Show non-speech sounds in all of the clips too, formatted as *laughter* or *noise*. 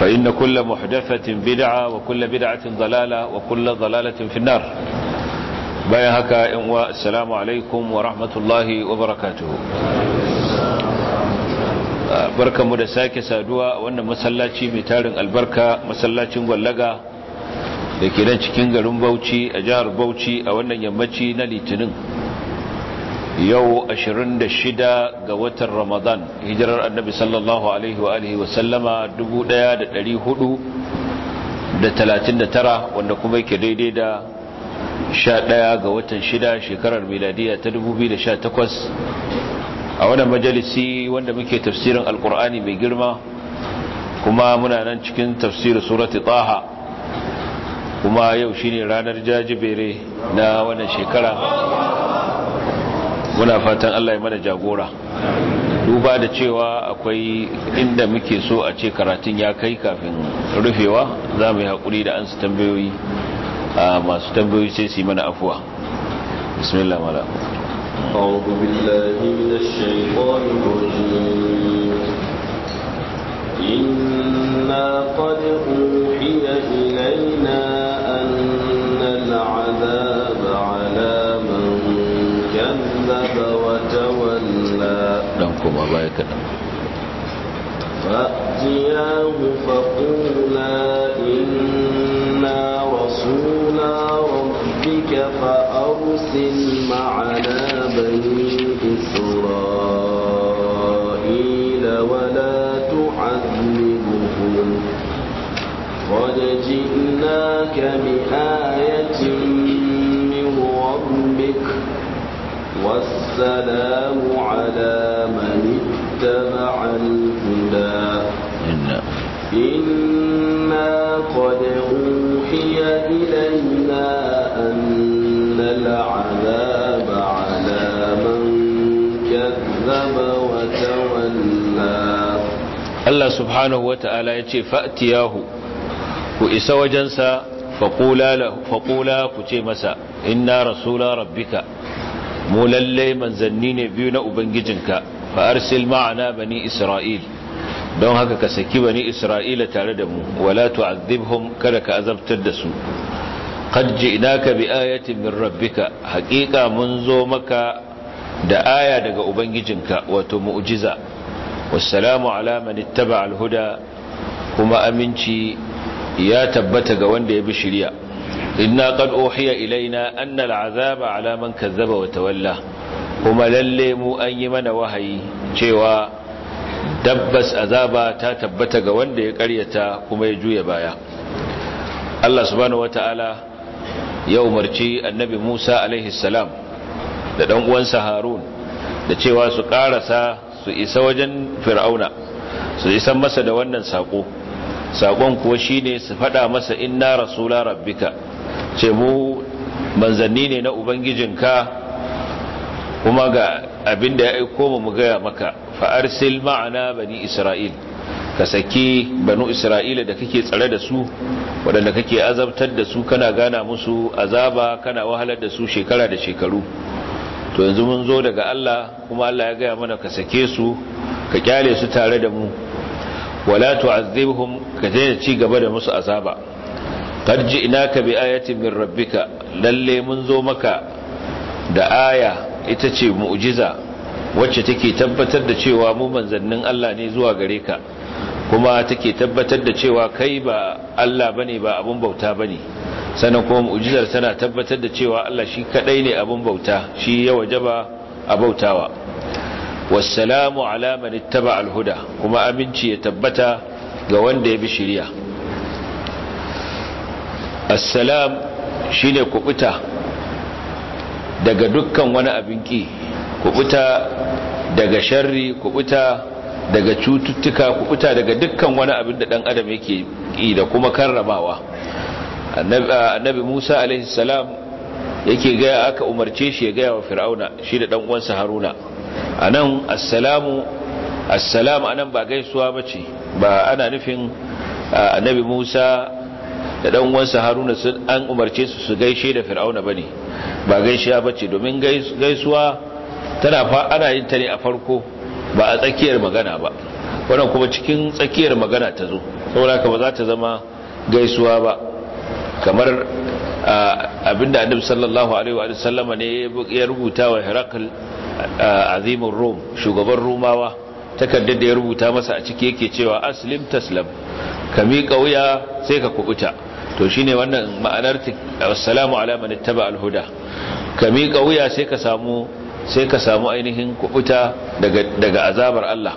فإن كل محدثة بدعة وكل بدعة ضلالة وكل ضلالة في النار بايا هكا إنواء السلام عليكم ورحمة الله وبركاته بركة مدساكة سادوة وأن مسلاتي متار البركة مسلاتي واللغة لكي ke nan بوتي أجار بوتي أو أن يمتي a wannan yau 26 ga watan ramadan hijirar annabi sallallahu alaihi wa alihi talatin da 1439 wanda kuma yake daidai da 11 ga watan 6 shekarar miladiya ta 2018 a wannan majalisi wanda muke tafsirin alkur'ani mai girma kuma muna nan cikin tafsir surati taha kuma yau shine ranar jajibere na wannan shekara muna fatan Allah ya mana jagora duba da cewa akwai inda muke so a ce karatun ya kai kafin rufewa za mu yi haƙuri da an su tambayoyi a masu tambayoyi sai su yi mana afuwa bismillah mala جاءك آية من ربك والسلام على من اتبع الهدى إنا قد أوحي إلينا أن العذاب على من كذب وتولى الله سبحانه وتعالى يقول فأتياه ku isa faƙula ku ce masa inna rasula rabbika mu lalle manzanni ne biyu na ubangijinka fa'arsil ma'ana bani isra'il don haka ka saki bani isra'ila tare da mu wala tu'adhibhum kada ka azabtar da su ina ka bi ayatin min rabbika haqiqa mun zo maka da aya daga ubangijinka wato mu'jiza wassalamu salamu man ittaba'a al kuma aminci ya tabbata ga wanda ya bi shirya inna qad uhiya ilaina anna al'azaba ala man kazzaba wa tawalla kuma lalle mu an yi mana wahayi cewa dabbas azaba ta tabbata ga wanda ya karyata kuma ya juya baya Allah subhanahu wataala ya umarci annabi Musa alaihi salam da dan uwansa Harun da cewa su karasa su isa wajen Fir'auna su isa masa da wannan sako sakon kuwa shine su faɗa masa inna rasula rabbika ce mu manzanni ne na ubangijinka kuma ga abin da ya aiko mu gaya maka fa'arsil ma'ana bani isra'il ka saki banu isra'ila da kake tsare da su waɗanda kake azabtar da su kana gana musu azaba kana wahalar da su shekara da shekaru to yanzu mun zo daga Allah kuma Allah ya gaya mana ka sake su ka kyale su tare da mu wala tu'azzibhum ka daina ci gaba da musu azaba ina ka bi ayatin min rabbika lalle mun zo maka da aya ita ce mu'jiza wacce take tabbatar da cewa mu manzannin Allah ne zuwa gare ka kuma take tabbatar da cewa kai ba Allah bane ba abun bauta bane sannan kuma mu'jizar tana tabbatar da cewa Allah shi kadai ne abun bauta shi ya wajaba a bautawa Wasalamu ala man ittaba alhuda kuma aminci ya tabbata ga wanda ya bi shiriya assalam shi ne kubuta daga dukkan wani abin ki kubuta daga sharri kubuta daga cututtuka kubuta daga dukkan wani abin da dan adam yake ki da kuma karramawa annabi Musa alaihi salam yake gaya aka umarce shi ya gaya wa fir'auna shi da dan uwansa haruna anan assalamu assalamu anan ba gaisuwa bace ba ana nufin annabi Musa da dan uwansa Haruna sun an umarce su su gaishe da Fir'auna bane ba gaishiya bace domin gaisuwa tana fa ana yin ta ne a farko ba a tsakiyar magana ba wannan kuma cikin tsakiyar magana ta zo saboda haka za ta zama gaisuwa ba kamar abinda annabi sallallahu alaihi wa sallama ne ya rubuta wa Herakl azimin rum shugaban rumawa takardar da ya rubuta masa a ciki yake cewa aslim taslam ka miƙa wuya sai ka kubuta to shine wannan ma'anar assalamu ala man ittaba alhuda ka miƙa wuya sai ka samu sai ka samu ainihin kubuta daga daga azabar Allah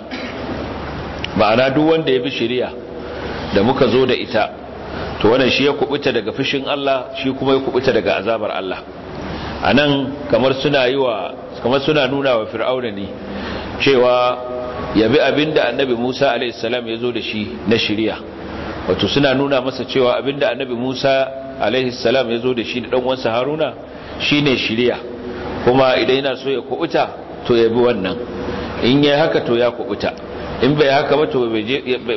ma'ana duk wanda ya bi shari'a da muka zo da ita to wannan shi ya kubuta daga fushin Allah shi kuma ya kubuta daga azabar Allah anan kamar suna yi wa kamar suna nuna wa fir'auna ne cewa yabi da annabi Musa a.s. ya zo da shi na shirya. wato suna nuna masa cewa abin da annabi Musa a.s. ya zo da shi da ɗanwansa uwansa Haruna ne shirya. kuma idan yana so ya kubuta to ya bi wannan in yi haka to ya kubuta in bai haka ba to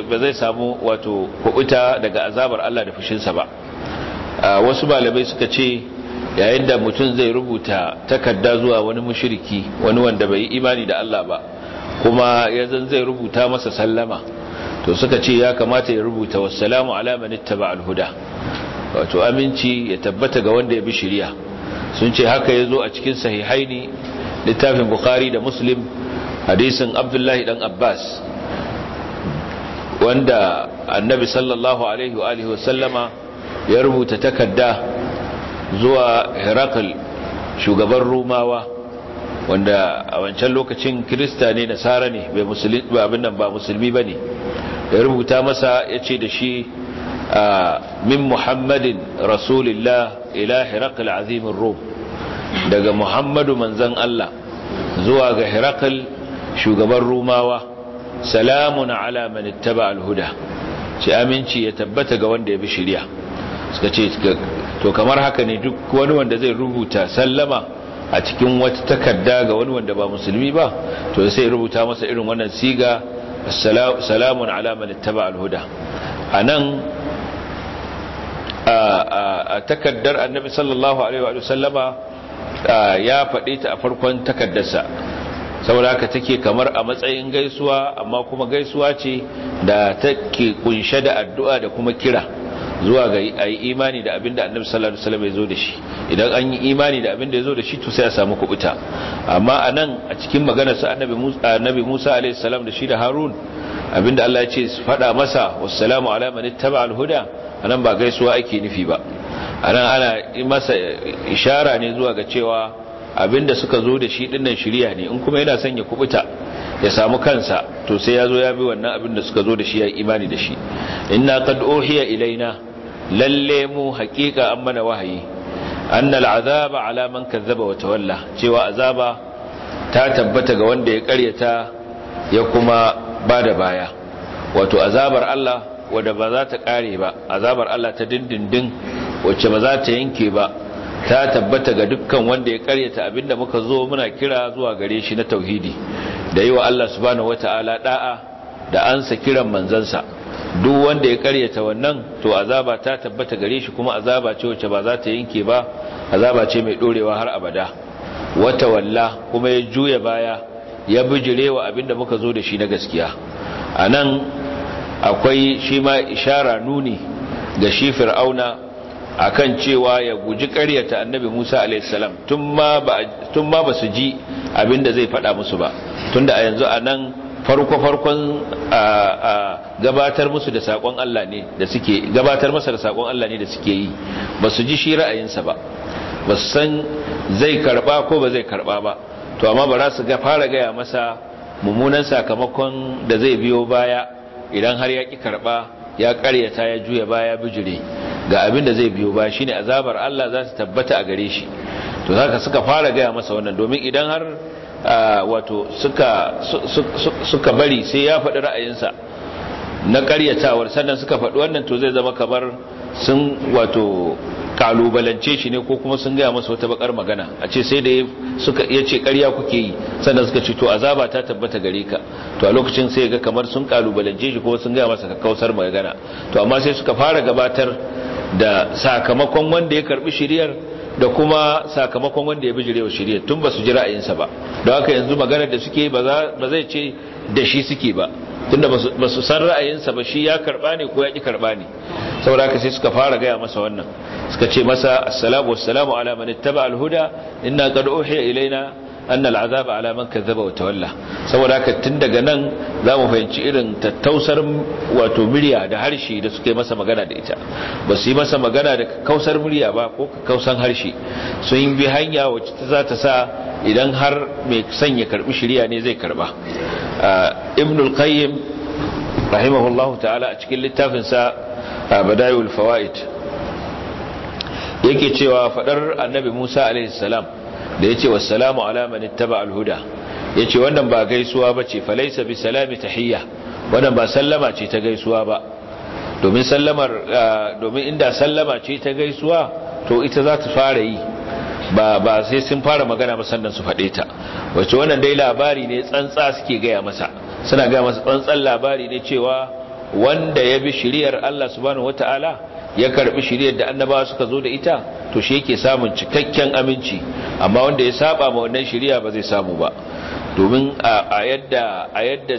ba zai samu wato kubuta daga azabar Allah da fushinsa ba wasu malamai suka ce yayin da mutum zai rubuta takarda zuwa wani mushiriki wani wanda bai imani da Allah ba kuma yanzu zai rubuta masa sallama to suka ce ya kamata ya rubuta wassalamu ala man ittaba alhuda wato aminci ya tabbata ga wanda ya bi shari'a sun ce haka yazo a cikin sahihaini littafin bukhari da muslim hadisin abdullahi dan abbas wanda annabi sallallahu alaihi wa alihi wasallama ya rubuta takarda zuwa herakl shugaban rumawa wanda a wancan lokacin kirista ne nasara ne ba abin nan ba musulmi ba ne ya rubuta masa ya ce da shi a min muhammadin rasulillah ila herakl azimin rom daga muhammadu manzan allah zuwa ga herakl shugaban rumawa salamun ala manittaba alhuda ce aminci ya tabbata ga wanda ya bi shirya suka ce to kamar haka ne duk wani wanda zai rubuta sallama a cikin wata takarda ga wani wanda ba musulmi ba to sai rubuta masa irin wannan siga salamun ala man ittaba alhuda anan a takaddar annabi sallallahu alaihi wa sallama ya faɗe ta a farkon takaddarsa saboda haka take kamar a matsayin gaisuwa amma kuma gaisuwa ce da take kunshe da addu'a da kuma kira zuwa ga yi imani da abinda annabi sallallahu alaihi wasallam ya zo da shi idan an yi imani da abinda ya zo da shi to sai a samu kubuta amma anan a cikin maganar sa annabi Musa annabi Musa alaihi salam da shi da Harun abinda Allah ya ce su faɗa masa wassalamu ala man ittaba huda anan ba gaisuwa ake nufi ba anan ana masa ishara ne zuwa ga cewa abinda suka zo da shi dinnan shiriya ne in kuma yana son ya kubuta ya samu kansa to sai ya zo ya bi wannan abinda suka zo da shi ya imani da shi inna qad uhiya ilaina lalle mu haƙiƙa an mana wahayi annal azaba ala man kazzaba wa tawalla cewa azaba ta tabbata ga wanda ya ƙaryata ya kuma bada baya wato azabar Allah wadda ba za ta ƙare ba azabar Allah ta dindindin wacce ba za ta yanke ba ta tabbata ga dukkan wanda ya ƙaryata abinda muka zo muna kira zuwa gare shi na tauhidi da yi wa Allah subhanahu wataala da'a da ansa kiran manzansa duk wanda ya karyata wannan to azaba ta tabbata gare shi kuma azaba ce wacce ba za ta yanke ba azaba ce mai dorewa har abada wata walla kuma ya juya baya ya bijirewa abinda muka zo da shi na gaskiya anan akwai shi ma ishara nuni ga shi fir'auna akan cewa ya guji karyata annabi Musa a.s. tun ma ba su ji abinda zai faɗa musu ba tunda a yanzu anan farko-farkon gabatar musu da sakon Allah ne da suke gabatar masa da sakon Allah ne da suke yi ba su ji shi ra'ayinsa ba ba su san zai karba ko ba zai karba ba to amma ba za su ga fara gaya masa mummunan sakamakon da zai biyo baya idan har ya ki karba ya karyata ya juya baya bijire ga abin da zai biyo ba shine azabar Allah za su tabbata a gare shi to zaka suka fara gaya masa wannan domin idan har wato suka bari sai ya faɗi ra'ayinsa na ƙaryatawar sannan suka faɗi wannan to zai zama kamar sun wato kalubalance shi ne ko kuma sun gaya masa wata bakar magana a ce sai da suka ce ƙarya kuke yi sannan suka ce to azaba ta tabbata gare ka to a lokacin sai ga kamar sun kalubalance shi ko sun gaya masa kakkausar magana to amma sai suka fara gabatar da sakamakon wanda ya karbi shiriyar da kuma sakamakon wanda ya bijire wa shari'a tun ba su ji ra'ayinsa ba don haka yanzu magana da suke ba zai ce da shi suke ba tunda ba su san ra'ayinsa ba shi ya karba ne ko ya ki karɓa ne saboda haka sai suka fara gaya masa wannan suka ce masa assalamu wassalamu ala man ittaba al-huda inna qad uhiya ilaina annal al'azaba ala man kazzaba wa tawalla saboda haka tun daga nan zamu fahimci irin tattausar wato murya da harshe da suke masa magana da ita ba su yi masa magana da kausar murya ba ko kausan harshe sun bi hanya wacce za ta sa idan har mai sanya karbi shari'a ne zai karba ibnul qayyim rahimahullahu ta'ala a cikin littafin littafinsa badayul fawaid yake cewa fadar annabi Musa alaihi salam da ya ce ala man taba alhuda ce wannan ba gaisuwa ba ce falaisa bi salami tahiyya wannan ba sallama ce ta gaisuwa ba domin sallamar domin inda sallama ce ta gaisuwa to ita za ta fara yi ba ba sai sun fara magana ba sannan su faɗe ta wacce wannan dai labari ne tsantsa suke gaya masa suna gaya masa tsantsan labari ne cewa wanda ya bi shiriyar Allah subhanahu wataala ya karbi shiriyar da annabawa suka zo da ita to shi yake samun cikakken aminci amma wanda ya saba ma wannan shiriya ba zai samu ba domin a yadda a yadda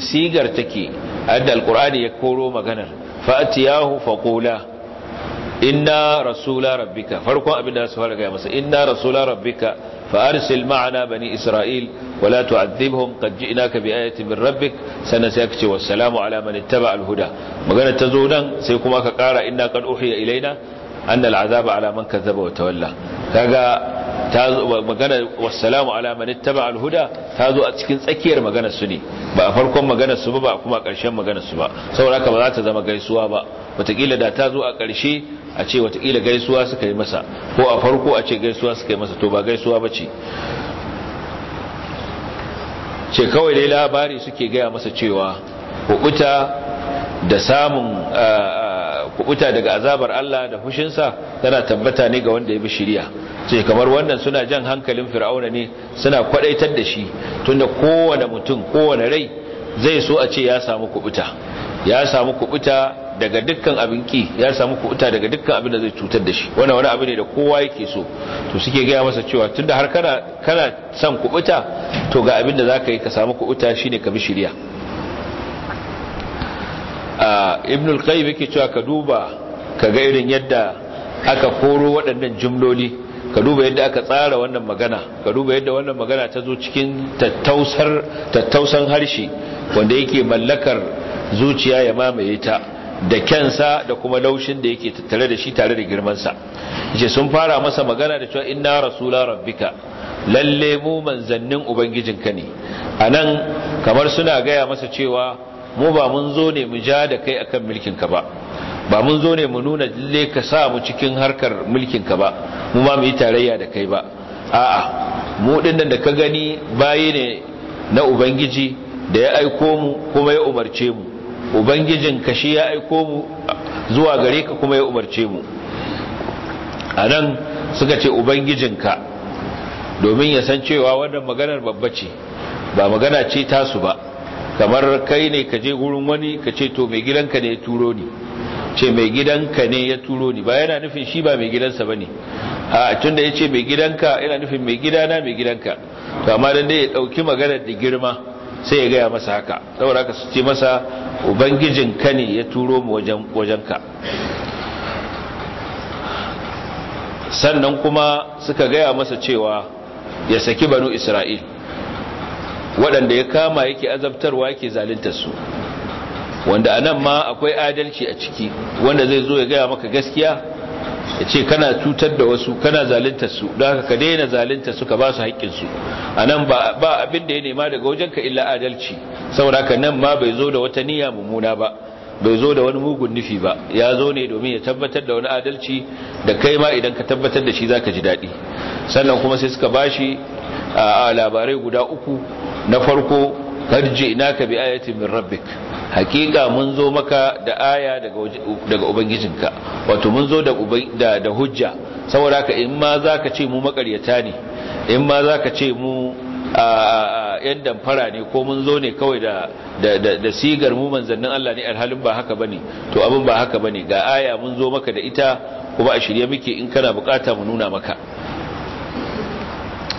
sigar take yadda alqur'ani ya koro maganar fa'tiyahu faqula inna rasula rabbika farkon abin da su fara gaya masa inna rasula rabbika fa arsil ma'ana bani isra'il wala tu'adhibhum qad ji'naka bi ayatin min rabbik sannan sai kace wassalamu ala man ittaba huda magana ta zo nan sai kuma ka kara inna qad uhiya ilaina anna al-azaba ala man kazzaba wa tawalla kaga magana wassalamu ala man ittaba alhuda ta zo a cikin tsakiyar maganar su ne ba a farkon maganar su ba ba kuma ƙarshen maganar su ba saboda haka ba za ta zama gaisuwa ba wataƙila da ta zo a ƙarshe a ce wataƙila gaisuwa suka yi masa ko a farko a ce gaisuwa suka yi masa to ba gaisuwa ba ce ce kawai dai labari suke gaya masa cewa kukuta da samun kukuta daga azabar Allah da fushinsa tana tabbata ne ga wanda ya bi shiriya ce kamar wannan suna jan hankalin fir'auna ne suna kwadaitar da shi tunda kowane mutum kowane rai zai so a ce ya samu kubuta ya samu kubuta daga dukkan abin ki ya samu kubuta daga dukkan abin da zai cutar da shi wannan wani abu ne da kowa yake so to suke gaya masa cewa tunda har kana kana son kubuta to ga abin da zaka yi ka samu kubuta shine ka bi shiriya ibn al-qayyim yake cewa ka duba ka ga irin yadda aka koro waɗannan jumloli ka duba yadda aka tsara wannan magana ka duba yadda wannan magana ta zo cikin tattausar tattausan harshe wanda yake mallakar zuciya ya mamaye ta da kyansa da kuma laushin da yake tattare da shi tare da girmansa yace sun fara masa magana da cewa inna rasula rabbika lalle mu manzannin ka ne anan kamar suna gaya masa cewa mu ba mun zo ne mu ja da kai akan mulkin ka ba ba mun zo ne mu nuna lalle ka sa mu cikin harkar mulkin ka ba mu ma mu yi tarayya da kai ba a'a mu dinnan da ka gani bayi ne na ubangiji da ya aiko mu kuma ya umarce mu ubangijin ka shi ya aiko mu zuwa gare ka kuma ya umarce mu anan suka ce ka domin ya san cewa wannan maganar babba ce ba magana ce tasu ba kamar kai ne ka je gurin wani ka ce to mai gidanka ne ya turo ni ce mai gidanka ne ya turo ni ba yana nufin shi ba mai gidansa bane a tunda yace mai gidanka yana nufin mai na mai gidanka to amma dan dai ya ɗauki magana da girma sai ya gaya masa haka saboda haka su ce masa ka ne ya turo mu wajen ka? sannan kuma suka gaya masa cewa ya saki banu isra'il waɗanda ya kama yake azabtarwa yake zaluntar su wanda a nan ma akwai adalci a ciki wanda zai zo ya gaya maka gaskiya ya ce kana cutar da wasu kana zaluntar su don haka ka daina zaluntar su ka ba su haƙƙinsu a nan ba abin da ya nema daga wajenka illa adalci saboda ka nan ma bai zo da wata niyya mummuna ba bai zo da wani mugun nufi ba ya zo ne domin ya tabbatar da wani adalci da kai ma idan ka tabbatar da shi za ka ji daɗi sannan kuma sai suka ba shi a labarai guda uku na farko farji na ka bi ayatin min rabbik hakika mun zo maka da aya daga ubangijinka wato mun zo da da hujja saboda haka in ma zaka ce mu makaryata ne in ma zaka ce mu yan damfara ne ko mun zo ne kawai da da sigar mu manzannin Allah ne alhalin ba haka bane to abin ba haka bane ga aya mun zo maka da ita kuma a shirye muke in kana bukata mu nuna maka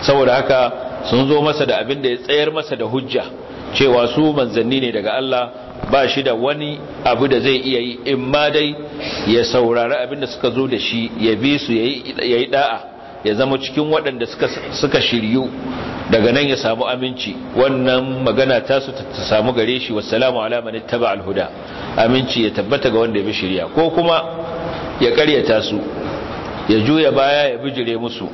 saboda haka sun zo masa da abin da ya tsayar masa da hujja cewa su manzanni ne daga Allah ba shi da wani abu da zai iya yi in ma dai ya saurari abin da suka zo da shi ya bi su ya yi da'a ya zama cikin waɗanda suka shiryu daga nan ya samu aminci wannan magana ta su ta samu gare shi wassalamu salamu man taba alhuda aminci ya tabbata ga wanda ya bi shirya ko kuma ya karyata su ya juya baya ya bijire musu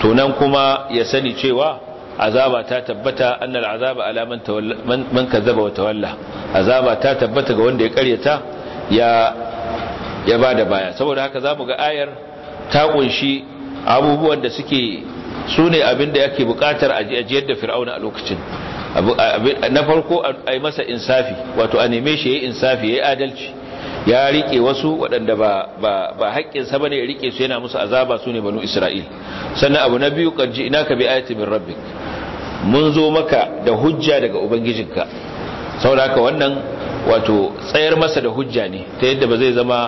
to nan kuma ya sani cewa azaba ta tabbata annal azaba ala man tawalla man kazzaba wa tawalla azaba ta tabbata ga wanda ya karyata ya ya bada baya saboda haka zamu ga ayar ta kunshi abubuwan da suke sune abin da yake bukatar ajiyar da fir'auna a lokacin na farko a masa insafi wato a neme shi yayi insafi yayi adalci ya rike wasu waɗanda ba ba haƙƙinsa bane ya rike su yana musu azaba su ne banu isra'il sannan abu na biyu kan ji ina ka bi ayati min rabbik mun zo maka da hujja daga ubangijinka saboda haka wannan wato tsayar masa da hujja ne ta yadda ba zai zama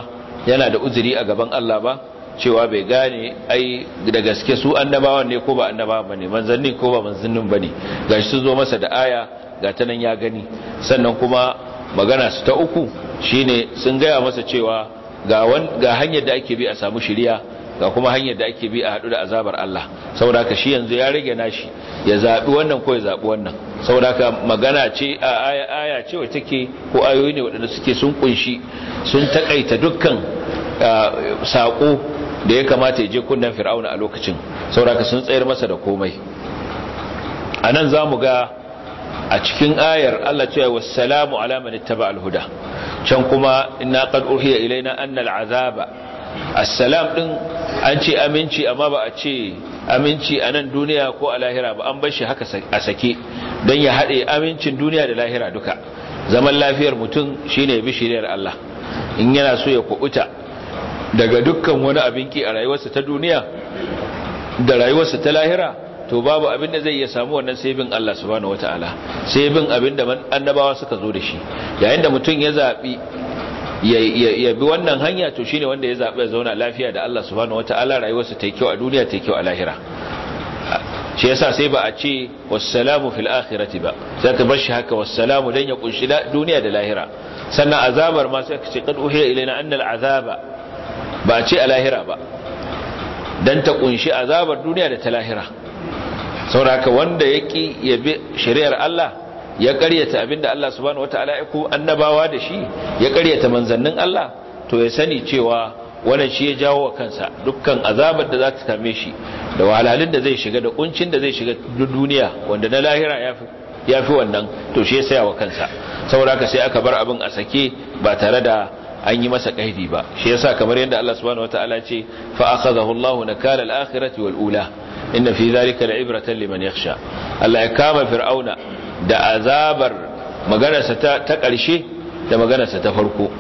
yana da uzuri a gaban Allah ba cewa bai gane ai da gaske su annabawan ne ko ba annabawan bane manzanni ko ba manzannin bane gashi sun zo masa da aya ga ta nan ya gani sannan kuma magana su ta uku shine sun gaya masa cewa ga hanyar da ake bi a samu shirya ga kuma hanyar da ake bi a haɗu da azabar Allah saboda ka shi yanzu ya rage nashi ya zaɓi wannan ko ya zaɓi wannan saboda ka magana ce a aya ce wacce take ko ayoyi ne waɗanda suke sun kunshi sun takaita dukkan saƙo da ya kamata ya je kunnen fir'auna a lokacin saboda ka sun tsayar masa da komai a nan za ga a cikin ayar Allah ce wa salamu ala man ittaba al-huda can kuma inna qad uhiya ilaina an al-azaba assalam din an ce aminci amma ba a ce aminci a nan duniya ko a lahira ba an bar shi haka a sake Dan ya haɗe amincin duniya da lahira duka zaman lafiyar mutum shine bi Allah in yana so ya kubuta daga dukkan wani abin ki a rayuwarsa ta duniya da rayuwarsa ta lahira to babu abin da zai iya samu wannan sai bin Allah subhanahu wataala sai bin abin da annabawa suka zo da shi yayin da mutum ya zabi ya bi wannan hanya to shine wanda ya zabi ya zauna lafiya da Allah subhanahu wataala rayuwarsa ta yi kyau a duniya ta yi kyau a lahira shi yasa sai ba a ce wassalamu fil akhirati ba sai ka bar shi haka wassalamu dan ya kunshi duniya da lahira sannan azabar ma sai ka ce qad uhiya ilaina annal azaba ba a ce a lahira ba dan ta kunshi azabar duniya da ta lahira sauraka wanda ya ƙi ya bi shari'ar Allah ya ƙaryata abinda Allah subhanahu wata'ala ya ku annabawa da shi ya ƙaryata manzannin Allah to ya sani cewa wannan shi ya jawo wa kansa dukkan azabar da za ta same shi da wahalalin da zai shiga da kuncin da zai shiga duniya wanda na lahira ya fi ya fi wannan to shi ya saya wa kansa saboda haka sai aka bar abin a sake ba tare da an yi masa kaidi ba shi yasa kamar yadda Allah subhanahu wataala ce fa akhadahu Allahu nakal al-akhirati wal ula inna fi zalika al'ibrata liman yakhsha Allah ya kama fir'auna da azabar maganarsa ta ƙarshe da maganarsa ta farko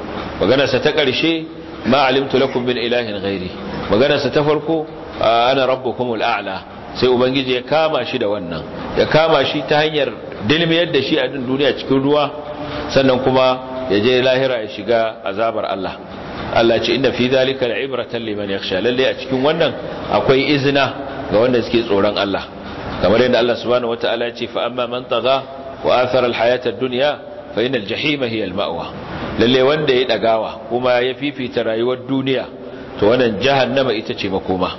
maganarsa ta ƙarshe ma alimtu lakum min ilahin ghairi maganarsa ta farko ana rabbukumul a'la sai ubangiji ya kama shi da wannan ya kama shi ta hanyar dilmiyar da shi a duniya cikin ruwa sannan kuma ya je lahira ya shiga azabar Allah Allah ce inna fi zalika al'ibrata liman yakhsha lalle a cikin wannan akwai izna ga wanda suke tsoron Allah kamar yadda Allah subhanahu wataala ya ce fa amma man tagha wa athara alhayata ad-dunya fa inal jahima hiya al lalle wanda ya dagawa kuma ya fifita rayuwar duniya to wannan jahannama ita ce makoma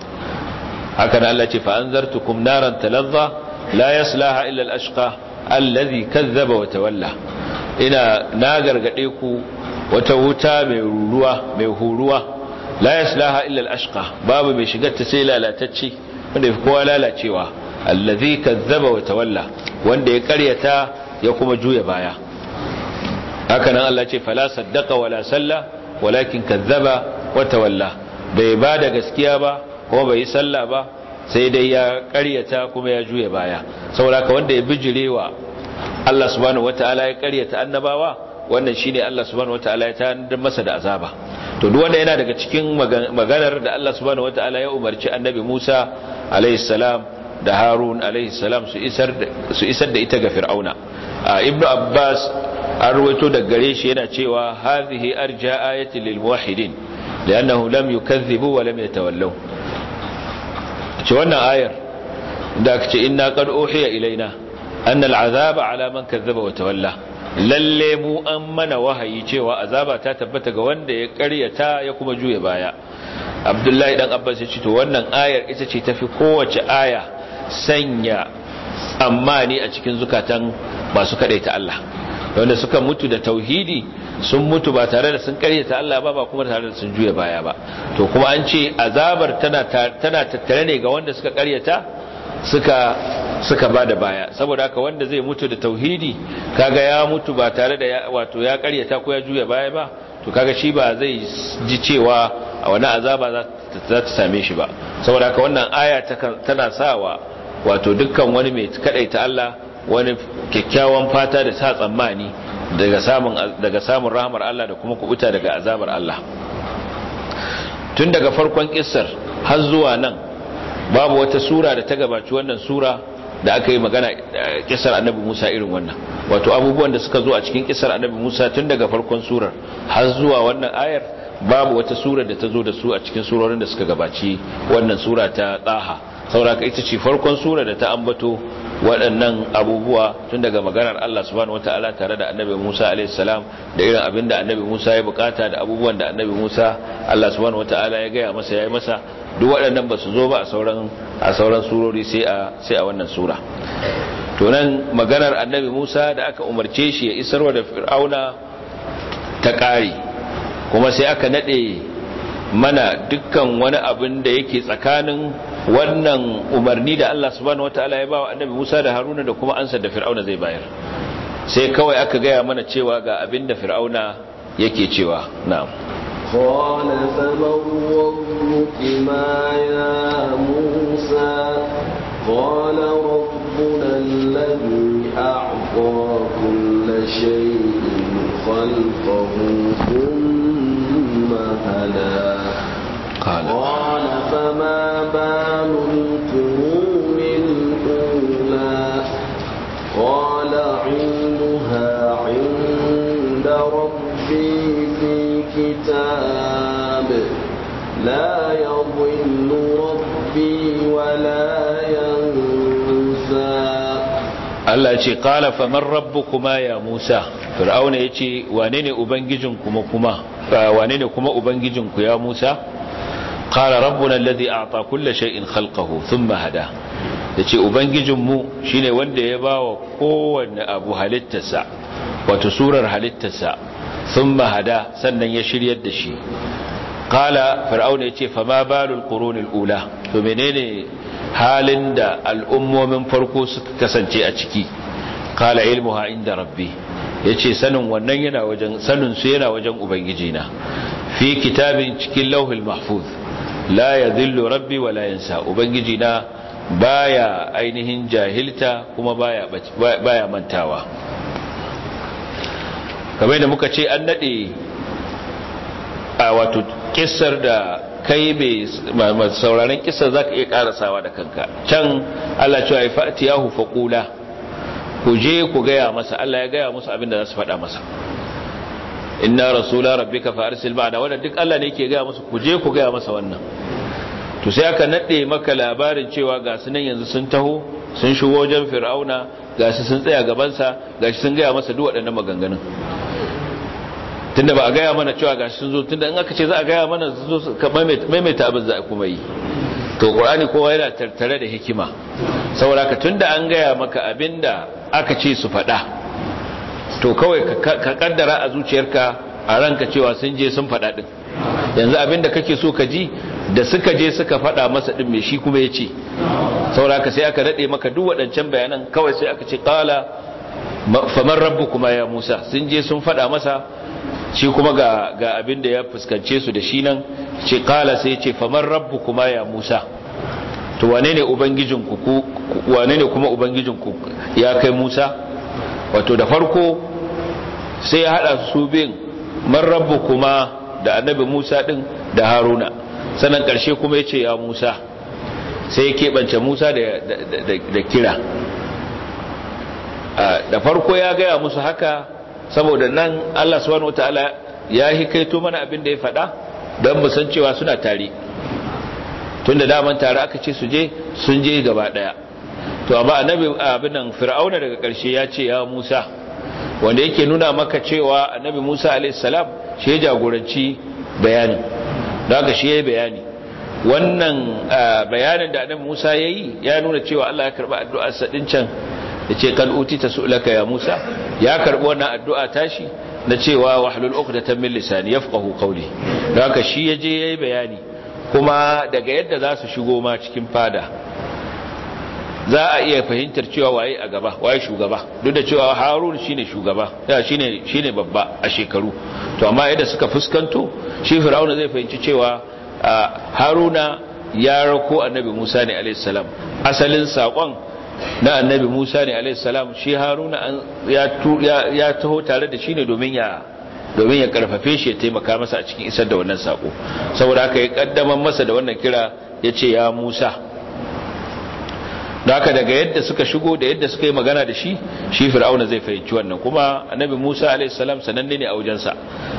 haka nan Allah ce fa anzartukum naran talazza la yaslaha illa al-ashqa alladhi kazzaba wa tawalla ina na gargade ku wata wuta mai ruruwa mai huruwa la yaslaha illa al-ashqa babu mai shigar ta sai lalatacce wanda ya fi kowa lalacewa allazi kazzaba wa tawalla wanda ya karyata ya kuma juya baya haka nan Allah ce fala saddaqa wala salla walakin kazzaba wa tawalla bai ba da gaskiya ba ko bai salla ba sai dai ya karyata kuma ya juya baya saboda ka wanda ya bijirewa Allah subhanahu wataala ya karyata annabawa wannan shine Allah subhanahu wataala ya tanadar masa da azaba to duk wanda yana daga cikin maganar da Allah subhanahu wataala ya umarci annabi Musa alayhi salam da Harun alayhi salam su isar su isar da ita ga Fir'auna Ibn Abbas an ruwaito da gare shi yana cewa hadhihi arja ayati lil muwahhidin li'annahu lam yukaththibu wa lam yatawallaw ce wannan ayar da kace inna qad uhiya ilaina anna al'azaba ala man kadhaba wa tawalla lalle mu an mana wahayi cewa azaba ta tabbata ga wanda ya karyata ya kuma juya baya abdullahi dan abbas ya ce to wannan ayar ita ce tafi kowace aya sanya tsammani a cikin zukatan masu kadaita Allah wanda suka mutu da tauhidi sun mutu ba tare da sun karyata Allah ba ba kuma tare da sun juya baya ba to kuma an ce azabar tana tattare ne ga wanda suka karyata suka suka da baya saboda haka wanda zai mutu da tauhidi kaga ya mutu ba tare da wato ya karyata ko ya juya baya ba to kaga shi ba zai ji cewa a wani azaba za ta same shi ba saboda haka wannan aya tana sawa wato dukkan wani mai kadaita Allah wani kyakkyawan fata da sa tsammani daga samun daga samun rahmar Allah da kuma kubuta daga azabar Allah tun daga farkon kissar har zuwa nan babu wata sura da ta gabaci wannan sura da aka yi magana eh, kisar annabi Musa irin wannan wato abubuwan da suka zo a cikin kisar annabi Musa tun daga farkon surar har zuwa wannan ayar babu wata sura da ta zo da su a cikin surorin da suka gabaci wannan sura ta tsaha sauraka ita ce farkon sura da ta ambato waɗannan abubuwa tun daga maganar Allah subhanahu wata'ala tare da annabi Musa alaihi salam da irin abin da annabi Musa ya bukata da abubuwan da annabi Musa Allah subhanahu wata'ala ya gaya masa yayi masa duk waɗannan ba su zo ba a sauran a sauran surori sai a sai a wannan sura to nan maganar annabi Musa da aka umarce shi ya isarwa da Fir'auna ta ƙari kuma sai aka nade mana dukkan wani abin da yake tsakanin wannan umarni da Allah subhanahu wataala ya bawa annabi Musa da Haruna da kuma ansa da Fir'auna zai bayar sai kawai aka gaya mana cewa ga abin da Fir'auna yake cewa na'am qala samawwallahu ya Musa qala rabbuna alladhi a'ta kull shay'in khalqahu thumma hada قال قال فما بال القوم الأولى قال علمها عند ربي في كتاب لا يضل ربي ولا ينسى ألا شي قال فمن ربكما يا موسى فرعون يجي وانيني أبنجي جنكما كما وانيني كما أبنجي جنكما يا موسى qala rabbu na a'ta kulla shay'in khalqahu thumma hada yace ubangijinmu shine wanda ya bawa kowanne abu halittarsa wato surar halittarsa thumma hada sannan ya shiryar da shi qala fir'auna yace fama balul qurunil ula to menene halin da al'ummomin farko suka kasance a ciki qala ilmuha inda rabbi yace sanin wannan yana wajen sanin su yana wajen ubangijina fi kitabin cikin lauhin mahfuz la ya yadhillu rabbi wa la yansa ubangiji na baya ainihin jahilta kuma baya baya mantawa kamar da muka ce an nade a wato kissar da kai mai sauraron kissar zaka iya karasawa da kanka can Allah cewa ya fa'tiyahu faqula ku je ku gaya masa Allah ya gaya musu abin da za su faɗa masa inna rasula rabbika fa arsil ba'da wanda duk Allah ne yake ga musu ku je ku ga masa wannan to sai aka nade maka labarin cewa ga su nan yanzu sun taho sun shigo wajen fir'auna ga su sun tsaya gaban sa ga shi sun ga masa duk waɗannan maganganun tunda ba a gaya mana cewa ga shi sun zo tunda in aka ce za a gaya mana su zo maimaita abin za a kuma yi to qur'ani kowa yana tattare da hikima saboda ka tunda an gaya maka abinda aka ce su faɗa to kawai ka kaddara a zuciyarka a ranka cewa sun je sun faɗa ɗin yanzu abin da kake so ka ji da suka je suka faɗa masa ɗin mai shi kuma ya ce sauraka sai aka daɗe maka duk waɗancan bayanan kawai sai aka ce ƙala famar rabu kuma ya musa sun je sun faɗa masa shi kuma ga abin da ya fuskance su da shi nan ce ƙala sai ce famar rabu kuma ya musa to wane ne ubangijinku wane ne kuma ubangijinku ya kai musa wato da farko sai ya haɗa su bin man kuma da annabi Musa din da Haruna sannan karshe kuma yace ya Musa sai ya kebance Musa da kira da farko ya gaya musu haka saboda nan Allah subhanahu wataala ya kaito mana abin da ya faɗa don musancewa cewa suna tare tunda daman tare aka ce su je sun je gaba daya to amma annabi abin nan fir'auna daga karshe ya ce ya Musa wanda yake nuna maka cewa annabi Musa alaihissalam shi ya jagoranci bayanin daga shi ya bayani wannan ah, bayanin da annabi Musa ya yi ya nuna cewa Allah ya karba addu'ar sa can ya ce kan uti ta ya Musa ya karbi wannan addu'a tashi na cewa wahlul uqdatan min lisani yafqahu qawli daga shi ya je yayi bayani kuma daga yadda za su shigo ma cikin fada za a iya fahimtar cewa waye a gaba waye shugaba duk da cewa harun shine shugaba ya shine shine babba a shekaru to amma yadda suka fuskanto shi fir'auna zai fahimci cewa haruna ya rako annabi musa ne alayhi salam asalin sakon na annabi musa ne alayhi salam shi haruna ya taho tare da shi ne domin ya domin ya karfafe shi ya taimaka masa a cikin isar da wannan sako saboda haka ya kaddamar masa da wannan kira ya ce ya musa haka daga yadda suka shigo da yadda suka yi magana da shi shi fir'auna zai fahimci wannan kuma annabi Musa alaihi salam sananne ne a wajensa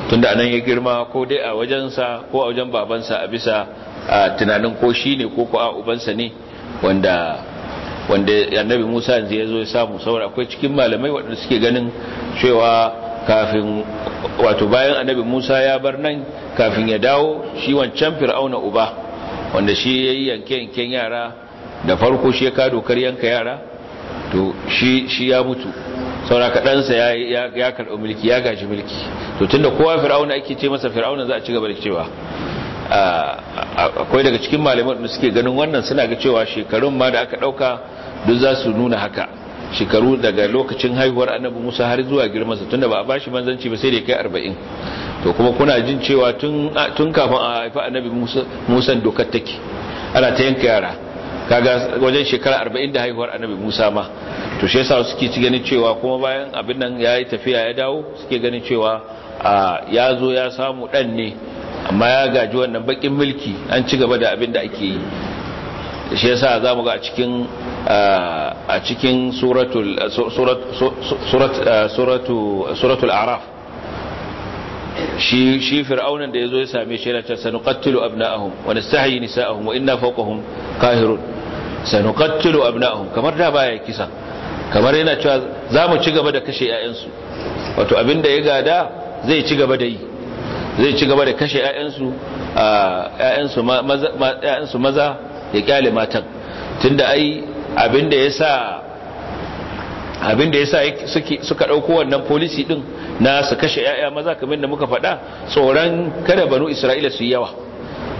tunda anan ya girma ko dai a wajensa ko a wajen babansa a bisa tunanin ko shi ne ko ko a ubansa ne wanda wanda annabi Musa yanzu ya zo ya samu saboda akwai cikin malamai waɗanda suke ganin cewa kafin wato bayan annabi Musa ya bar nan kafin ya dawo shi wancan fir'auna uba wanda shi yayi yanke yanken yara da farko shi ya ka dokar yanka yara to shi ya mutu saura kaɗansa ya ya karɓi mulki ya gaji mulki to tunda kowa fir'auna ake ce masa fir'auna za a ci gaba da cewa akwai daga cikin malaman da suke ganin wannan suna ga cewa shekarun ma da aka ɗauka duk za su nuna haka shekaru daga lokacin haihuwar annabi musa har zuwa girmansa tunda ba a bashi manzanci ba sai da kai arba'in to kuma kuna jin cewa tun kafin a haifi annabi musa dokar take ana ta yanka yara kaga wajen shekara arba'in da haihuwar annabi Musa ma to shi yasa suke ci ganin cewa kuma bayan abin nan ya yi tafiya ya dawo suke ganin cewa ya zo ya samu dan ne amma ya gaji wannan bakin mulki an ci gaba da abin da ake yi shi yasa zamu ga a cikin a cikin suratul suratul araf shi shi fir'aunan da yazo ya same shi yana ta sanuqattilu abna'ahum wa nastahyi nisa'ahum wa inna fawqahum qahirun sanuqattilu abna'ahum kamar da baya kisa kamar yana cewa za mu ci gaba da kashe 'ya'yansu wato abinda ya gada zai ci gaba da yi zai ci gaba da kashe 'ya'yansu ‘ya'yansu maza ya kyale matan tunda ai abinda yasa sa abinda ya sa suka ɗauko wannan policy ɗin na su kashe ‘ya'ya maza kamar da muka faɗa tsoron kada banu isra'ila su yi yawa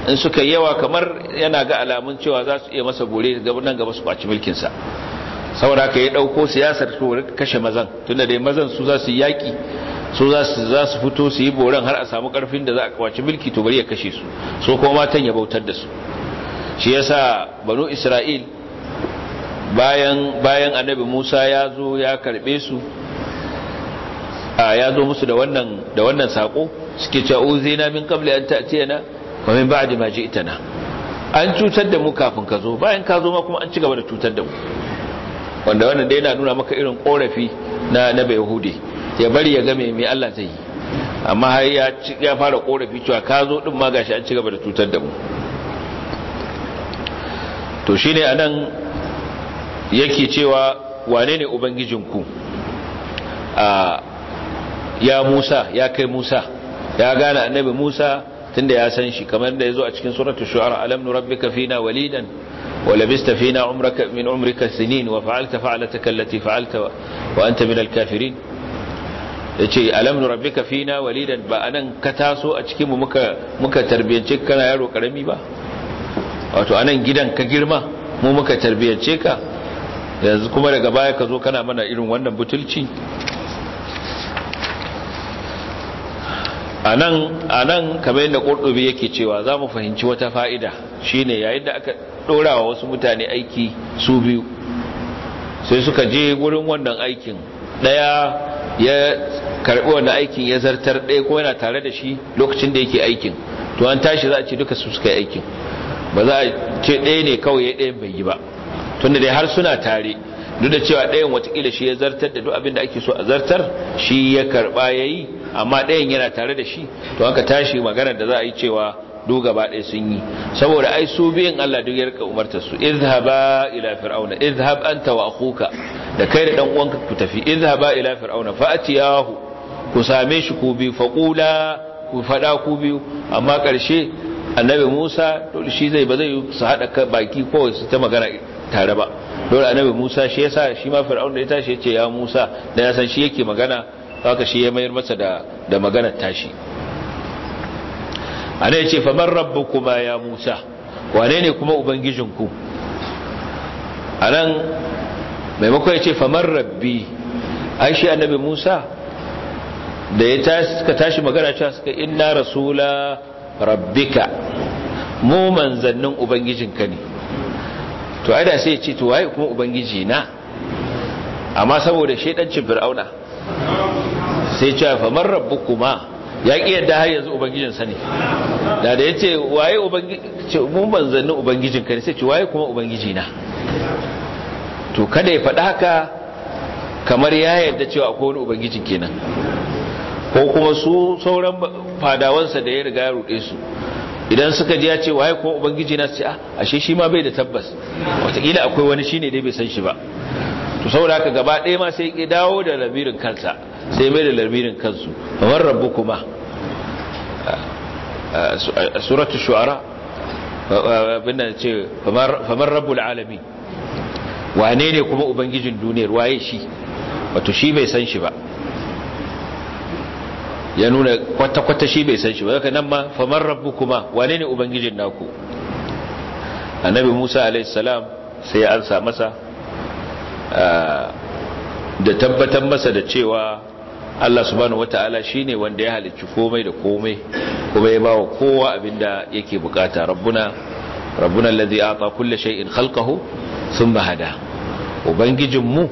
in suka yawa kamar yana ga alamun cewa za su iya masa gore nan gaba su kwaci mulkinsa saboda ka yi ɗauko siyasar su kashe mazan tunda dai mazan su za su yaki su za su fito su yi boran har a samu karfin da za a kwaci mulki to bari ya kashe su so kuma matan ya bautar da su shi yasa banu isra'il bayan bayan annabi musa ya zo ya karbe su a ya zo musu da wannan da wannan sako suke cewa uzina min qabli an ta'tiyana wa min ba'di ma ji'tana an cutar da mu kafin ka zo bayan ka zo ma kuma an ci gaba da cutar da mu wanda wannan dai yana nuna maka irin korafi na na bayhudi ya bari ya ga me me Allah zai yi amma har ya ya fara korafi cewa ka zo din ma gashi an ci gaba da cutar da mu to shine anan yake cewa wane ne ubangijinku a ya Musa ya kai Musa ya gane annabi Musa tunda ya san shi kamar da yazo a cikin suratul shu'ara alam nurabbika fina walidan wa labista fina umraka min umrika sinin wa fa'alta fa'alataka allati fa'alta wa anta min kafirin yace alam nurabbika fina walidan ba anan ka taso a cikin mu muka muka tarbiyance kana yaro karami ba wato anan gidan ka girma mu muka tarbiyance ka yanzu kuma daga baya ka zo kana mana irin wannan butulci anan anan kamar yadda qurtubi yake cewa za mu fahimci wata fa'ida shine yayin da aka dora wa wasu mutane aiki su biyu sai suka je wurin wannan aikin ɗaya ya karbi wannan aikin ya zartar ɗaya ko yana tare da shi lokacin da yake aikin to an tashi za a ce duka su suka yi aikin ba za a ce ɗaya ne kawai ya daya bai yi ba tunda dai har suna tare duk da cewa dayan watakila shi ya zartar da duk abin da ake so a zartar shi ya karba yayi amma ɗayan yana tare da shi to aka tashi magana da za a yi cewa duk gaba ɗaya sun yi saboda ai su biyan Allah duk ya rika umartar su izhaba ila fir'auna izhab anta wa akhuka da kai da dan uwanka ku tafi izhaba ila fir'auna fa atiyahu ku same shi ku bi faqula ku fada ku biyu amma karshe annabi Musa dole shi zai ba zai su hada baki ko su ta magana tare ba dole annabi Musa shi yasa shi ma fir'auna ya tashi ya ce ya Musa da ya san shi yake magana haka shi ya mayar masa da da maganar tashi ana yace man rabbukuma ya Musa wane ne kuma ubangijinku anan maimakon yace man rabbi ai shi annabi Musa da ya tashi tashi magana cewa suka inna rasula rabbika mu manzannin ubangijinka ne to ai da sai ya ce to waye kuma ubangiji na amma saboda shedancin fir'auna sai cewa famar kuma ya ƙi yadda har yanzu ubangijin sa ne da da ce waye ubangiji mun manzanni ubangijin ka ne sai ce waye kuma ubangijina? to kada ya faɗa haka kamar ya yadda cewa akwai wani ubangijin kenan ko kuma su sauran fadawansa da ya riga ya ruɗe su idan suka ji ya ce waye kuma ubangijina su ce ah, ashe shi ma bai da tabbas wataƙila akwai wani shine dai bai san shi ba to saboda haka gaba ɗaya ma sai ya dawo da labirin kansa sai mai da lamirin kansu kamar rabu kuma a suratu shu'ara abinda ce kamar rabu al'alami wane ne kuma ubangijin duniyar waye shi wato shi bai san shi ba ya nuna kwata-kwata shi bai san shi ba nan ma famar rabu kuma wane ne ubangijin naku annabi musa alaihissalam sai ya ansa masa ah, da tabbatar masa da cewa Allah subhanahu wataala shine wanda ya halicci komai da komai kuma ya bawa kowa abinda yake bukata rabbuna rabbuna allazi ata kulli shay'in khalqahu thumma hada ubangijin mu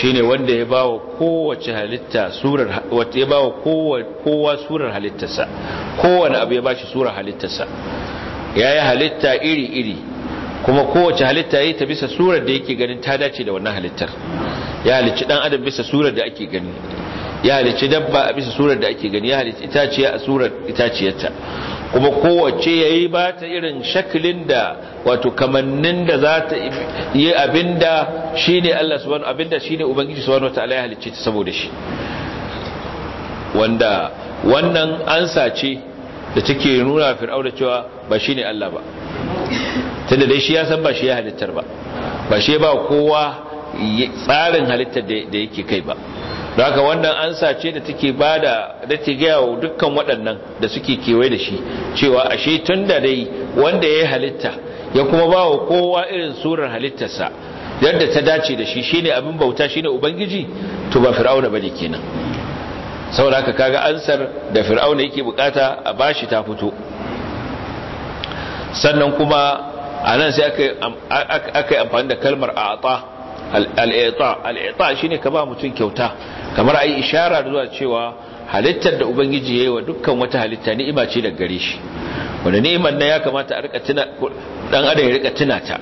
shine wanda ya bawa kowace halitta surar wata ya bawa kowa kowa surar halittarsa kowane abu ya bashi surar halittarsa yayi halitta iri iri kuma kowace halitta yayi ta bisa surar da yake ganin ta dace da wannan halittar ya halicci dan adam bisa surar da ake gani ya halicci dabba a bisa surar da ake gani ya halicci itaciya a surar itaciyarta kuma kowace ya yi ba ta irin shaklin da wato kamannin da za ta yi abinda shine Allah subhanahu abinda shine Ubangiji subhanahu wa ta'ala ya halicci ta saboda shi wanda wannan ansa ce da take nuna fir'auna cewa ba shine Allah ba tunda dai shi ya san ba shi ya halittar ba ba shi ba kowa tsarin halittar da yake kai ba haka wannan ansa ce da take bada da take gaya wa dukkan waɗannan da suke kewaye da shi cewa ashe tun da dai wanda ya halitta ya kuma ba wa kowa irin surar halittarsa yadda ta dace da shi shine abin bauta shine ubangiji to ba fir'auna bane kenan saboda haka kaga ansar da fir'auna yake bukata a bashi ta fito sannan kuma a nan sai aka yi amfani da kalmar a'ta al'ita shine ka ba mutum kyauta kamar a yi ishara zuwa cewa halittar da ubangiji ya yi wa dukkan wata halitta ni'ima ce daga gare shi wanda ni'imar na ya kamata a rika tuna dan adam ya rika tuna ta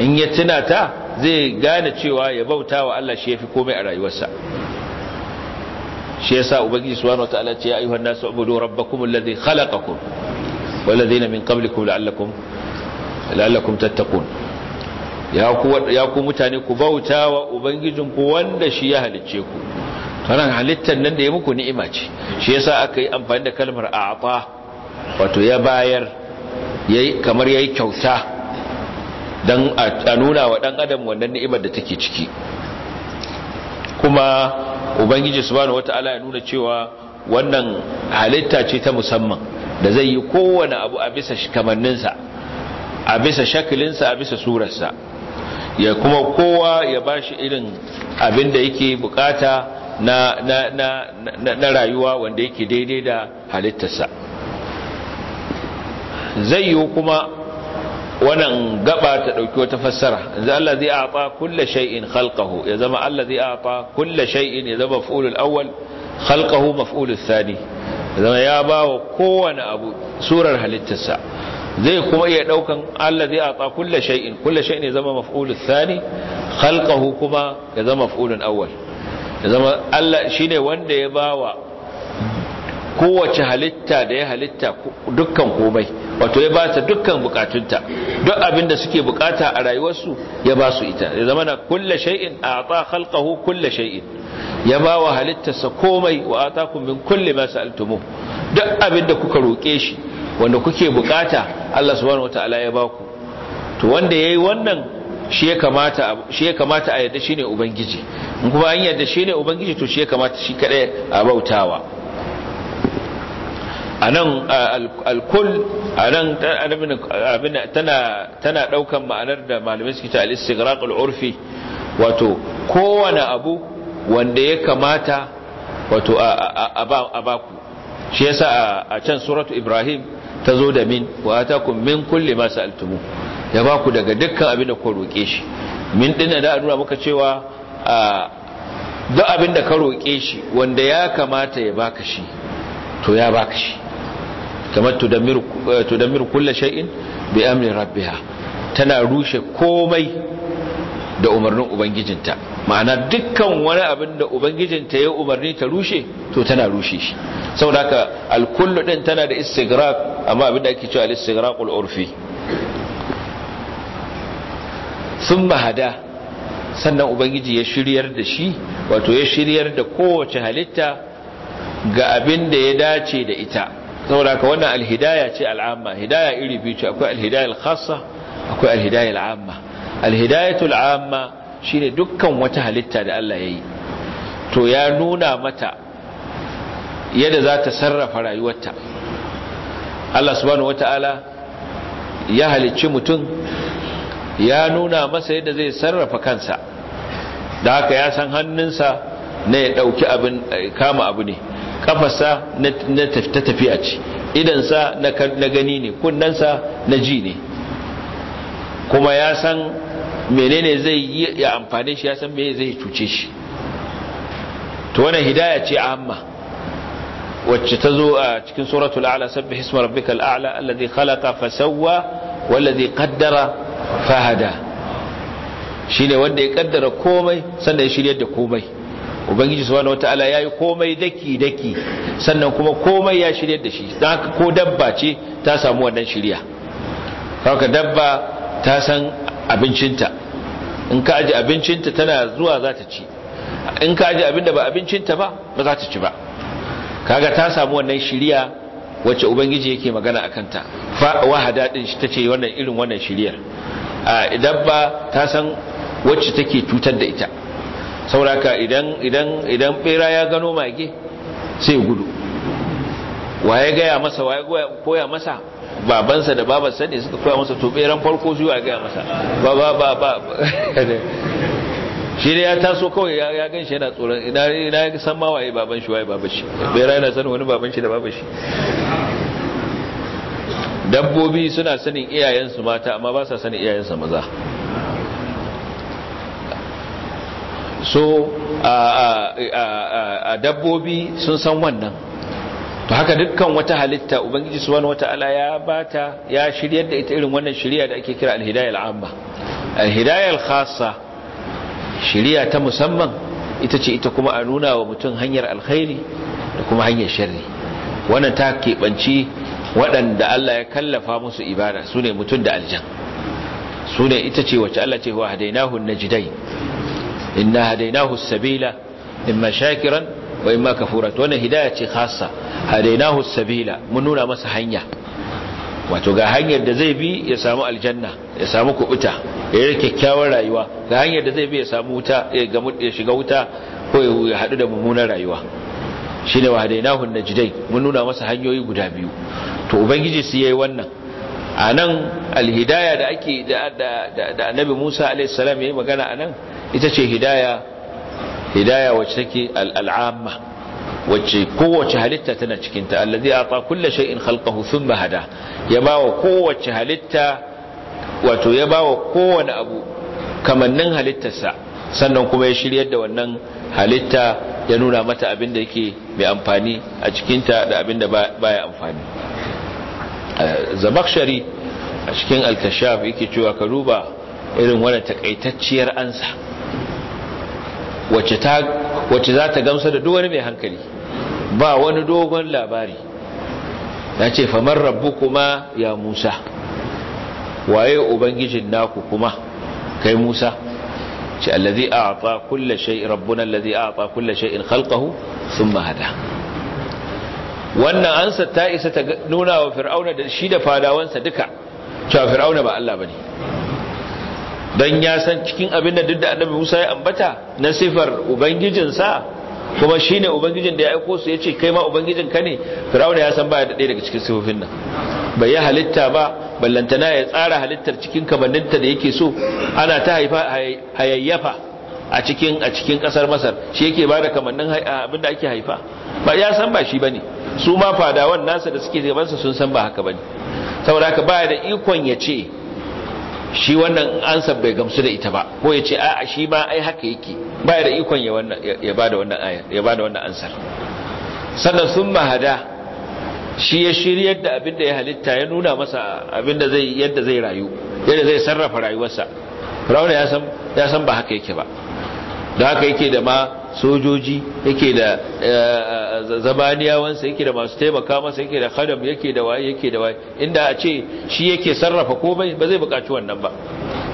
in ya tuna ta zai gane cewa ya bauta wa Allah shi fi komai a rayuwarsa shi yasa ubangiji wata wataala ce ya ayyuhan nasu abudu rabbakum alladhi khalaqakum ladina min qablikum la'allakum la'allakum tattaqun ya ku mutane ku bauta wa ubangijinku wanda shi ya halicce ku ranar halittar nan da ya muku ni'ima ce shi yasa aka yi amfani da kalmar a'ata wato ya bayar kamar yayi kyauta don a nuna wa ɗan adam wannan ni'imar da take ciki kuma ubangiji subhanahu wata'ala ya nuna cewa wannan halitta ce ta musamman da zai yi kowane abu a bisa kamanninsa a bisa shakilinsa a bisa surarsa ya kuma kowa ya bashi irin abin da yake bukata na, na, na, na, na rayuwa wanda yake daidai da halittarsa zai yi kuma wannan gaba ta dauki wata fassara za Allah zai ata kulla shay'in khalqahu ya zama Allah zai ata kulla shay'in ya zama maf'ulul awwal khalqahu maf'ulul thani zama ya bawa kowane abu surar halittarsa zai kuma iya daukan Allah zai atsa kullu shay'in kullu shay'in ya zama maf'ulul thani khalqahu kuma ya zama maf'ulun awwal ya zama Allah shine wanda ya bawa kowace halitta da ya halitta dukkan komai wato ya bata dukkan bukatunta duk abinda suke bukata a rayuwarsu ya ba su ita ya zama na kulle shay'in a ata khalqahu kulle shay'in ya bawa halittarsa komai wa atakum min kulli ma sa'altumu duk abinda kuka roke shi wanda kuke bukata Allah subhanahu wataala ya baku to wanda yayi wannan shi ya kamata shi kamata a yadda shine ubangiji in kuma an yadda shine ubangiji to shi ya kamata shi kadai a bautawa anan alkul anan abin tana tana daukan ma'anar da malamai suke ta al-istighraq al-urfi wato kowane abu wanda ya kamata wato a baku shi yasa a can suratu ibrahim ta zo da min wa ku min kulli ma sa'altumu ya ba ku daga dukkan abin da ku roƙe shi min din da a nuna maka cewa duk abin da ka roƙe shi wanda ya kamata ya baka shi to ya baka shi kamar tudammir kulli shay'in bi amri rabbiha tana rushe komai da umarnin ubangijinta ma'ana dukkan wani abin da ubangijinta ya umarni ta rushe to tana rushe shi saboda haka alkullu din tana da istigraq amma abin da ake cewa al istigraqul urfi thumma hada sannan ubangiji ya shiryar da shi wato ya shiryar da kowace halitta ga abin da ya dace da ita saboda haka wannan alhidaya ce al'amma hidaya iri biyu ce akwai al-hidayah al-khassa akwai al-hidayah al-amma alhidayatul amma shine dukkan wata halitta da Allah ya yi to ya nuna mata yadda za ta sarrafa rayuwarta Allah subhanahu wata'ala ya halicci mutum ya nuna masa yadda zai sarrafa kansa da haka ya san hannunsa na ya ɗauki abin kama abu ne kafarsa na ta tafiya ce idansa na gani ne Kunnansa na ji ne kuma ya san menene zai yi ya amfane shi ya san me zai cuce shi to wannan hidaya ce amma wacce ta zo a cikin suratul a'la sabbih isma rabbikal a'la alladhi khalaqa fasawwa wallazi qaddara fahada shine wanda ya kaddara komai sannan ya shirya da komai ubangiji subhanahu wataala yayi komai daki daki sannan kuma komai ya shiryar da shi dan ko dabba ce ta samu wannan shirya, haka dabba ta san abincinta in ka aji abincinta tana zuwa za ta ci in ka aji abinda ba abincinta ba ba za ta ci ba kaga ta samu wannan shiriya wacce ubangiji yake magana a kanta wahada hadadin shi ta ce wannan irin wannan shiriyar idan ba ta san wacce take cutar da ita sauraka idan idan idan bera ya gano mage sai gudu waye gaya masa waye koya masa babansa da babansa ne suka koya masa to beran farko zuwa gaya masa ba ba ba ba *laughs* shi ne ya taso kawai ya gan shi yana tsoron ina ya san ma waye baban shi waye baban shi bera yana sanin wani baban shi da baban shi dabbobi suna sanin iyayensu mata amma ba sa sanin iyayensu maza so a dabbobi sun san wannan to haka dukkan wata halitta ubangiji subhanahu wataala ya bata ya shiryar da ita irin wannan shiriya da ake kira al amma al-hidayah khassa shiriya ta musamman ita ce ita kuma a nuna wa mutum hanyar alkhairi da kuma hanyar sharri wannan ta keɓanci waɗanda Allah ya kallafa musu ibada su ne mutum da aljan su ne ita ce wacce Allah ce wa hadainahu najdain inna hadainahu sabila imma shakiran wa ma kafura to wannan hidaya ce khassa hadainahu sabila mun nuna masa hanya wato ga hanyar da zai bi ya samu aljanna ya samu kubuta ya yi kyakkyawar rayuwa ga hanyar da zai bi ya samu wuta ya shiga wuta ko ya haɗu da mummunar rayuwa shine wa hadainahu najidai mun nuna masa hanyoyi guda biyu to ubangiji su yayi wannan a alhidaya da ake da annabi musa alaihissalam ya yi magana anan ita ce hidaya hidaya wacce take al'amma wacce kowace halitta tana cikinta allazi ata kulli shay'in khalqahu thumma hada ya bawa kowace halitta wato ya bawa kowane abu kamannin halittarsa sannan kuma ya shiryar da wannan halitta ya nuna mata abin da yake mai amfani a cikinta da abin da baya amfani zamakshari a cikin alkashaf yake cewa ka duba irin wannan takaitacciyar ansa wacce za ta gamsa da duwani mai hankali ba wani dogon labari ya ce famar rabu kuma ya musa waye ubangijin naku kuma kai musa ce allazi a'ata kulla shai rabbuna allazi a'ata kulla shay'in khalqahu thumma hada wannan ansa ta isa ta nuna wa fir'auna da shi da fadawansa duka cewa fir'auna ba Allah ba ne. don ya san cikin abin da duk da annabi musa ya ambata na sifar ubangijinsa kuma shi ne ubangijin da ya aiko su ya ce kai ma ubangijin ka ne firawuna ya san baya da ɗaya daga cikin sifofin nan bai yi halitta ba ballantana ya tsara halittar cikin kamanninta da yake so ana ta haifa hayayyafa a cikin a cikin kasar masar shi yake ba da kamannin abin da ake haifa ba ya san ba shi bane su ma fadawan nasa da suke gabansa sun san ba haka bane saboda haka baya da ikon ya ce shi wannan ansar bai gamsu da ita ba ko ya ce a shi ma ai haka yake ba da ikon ya bada wannan wannan ansar sannan sun mahada shi ya shiryar da abinda ya halitta ya nuna masa abin da zai yadda zai rayu yadda zai sarrafa rayuwarsa rauna ya san ya san ba haka yake ba da haka yake da ma sojoji yake da eh, eh, eh, zamaniyawansa yake da masu taimaka masa yake da khadam yake da waye yake da waye inda a ce shi yake sarrafa komai ba zai buƙaci wannan ba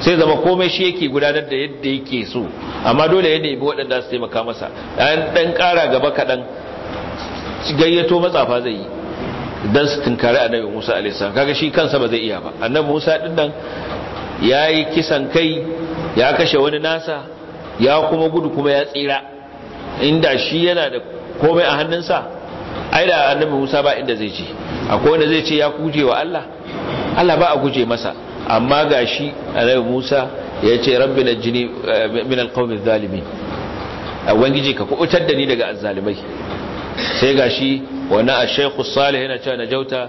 sai zama komai shi yake gudanar da yadda yake so amma dole ya bi waɗanda su taimaka masa ɗan ɗan ƙara gaba kaɗan gayyato matsafa zai yi don su tunkari annabi musa alisa kaga shi kansa ba zai iya ba annabi musa ɗin nan ya yi kisan kai ya kashe wani nasa ya kuma gudu kuma ya tsira inda shi yana da komai a hannunsa ai da annabi Musa ba inda zai je akwai wanda zai ce ya kuje wa Allah Allah ba a guje masa amma gashi annabi Musa ya ce rabbi jini eh, min alqawmi zalimin ubangiji ka kubutar da ni daga azzalimai sai gashi wannan ash-shaykhu salih yana cewa najauta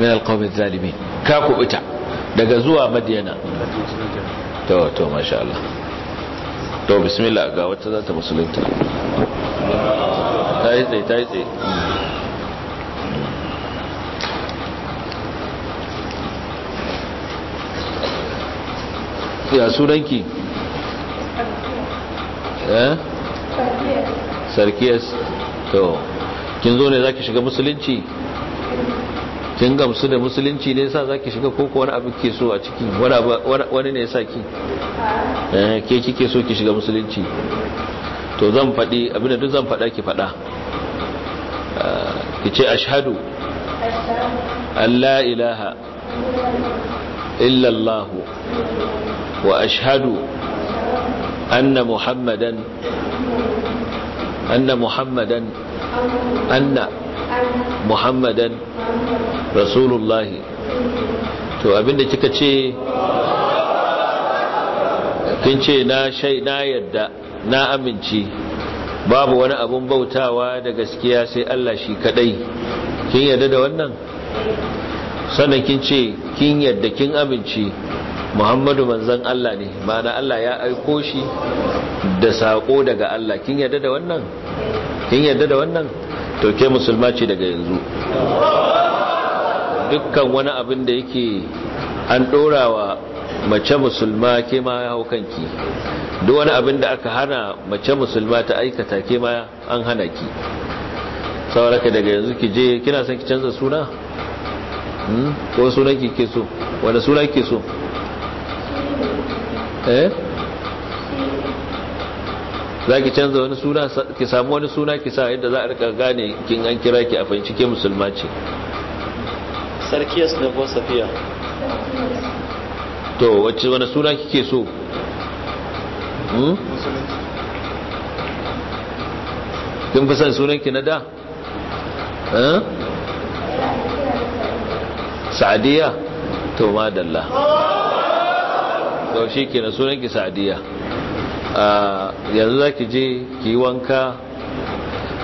min alqawmi zalimin ka kubuta daga zuwa madiyana to to masha Allah to bismillah ga wata zata musulunta ta yi tsaye ta yi tsaye ya sunanki eh to kin zo ne zaki shiga musulunci kin gamsu da musulunci ne za zaki shiga ko wani abu ke so a ciki wani ne ya sa ki eh, ke kike so ki shiga musulunci to zan faɗi abinda duk zan faɗa ki faɗa ki ce ashhadu an la ilaha illallahu wa ashhadu anna muhammadan anna muhammadan anna muhammadan rasulullahi to abinda kika ce kin ce na shaida yadda na amince babu wani abun bautawa da gaskiya sai Allah shi kadai kin yarda da wannan sannan kin ce kin yarda kin amince Muhammadu manzon Allah ne ma'ana Allah ya aiko shi da sako daga Allah kin yarda da wannan kin yarda da wannan to ke musulma ce daga yanzu dukkan wani abin da yake an dorawa mace musulma ke ma ya hau kanki duk wani abin da aka hana mace musulma ta aikata ke ma an hana ki sauraka daga yanzu ki je kina son ki canza suna hmm? ko suna ki ke so wani suna ke so eh za ki canza wani suna ki samu wani suna ki sa yadda za a rika gane kin an kira ki a fahimci ke musulma ce yasu da ko safiya to wacce wani suna kike so hmm? kin fi son ki na da eh? sa'adiyya to madalla to shi ke na ki sa'adiyya ah, yanzu za ki je ki yi wanka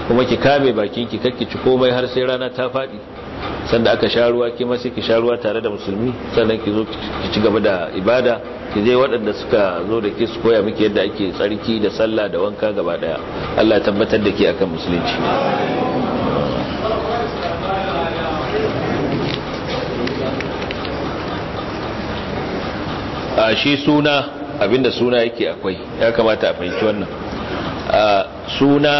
kuma ki kame bakinki kakki ci komai har sai rana ta faɗi sanda aka sha ruwa ke ma ki sha ruwa tare da musulmi sannan ki zo ki ci gaba da ibada ki je waɗanda suka zo da ke su koya miki yadda ake tsarki da sallah da wanka gaba daya Allah tabbatar da ke akan musulunci a shi suna abinda suna yake akwai ya kamata a fahimci wannan suna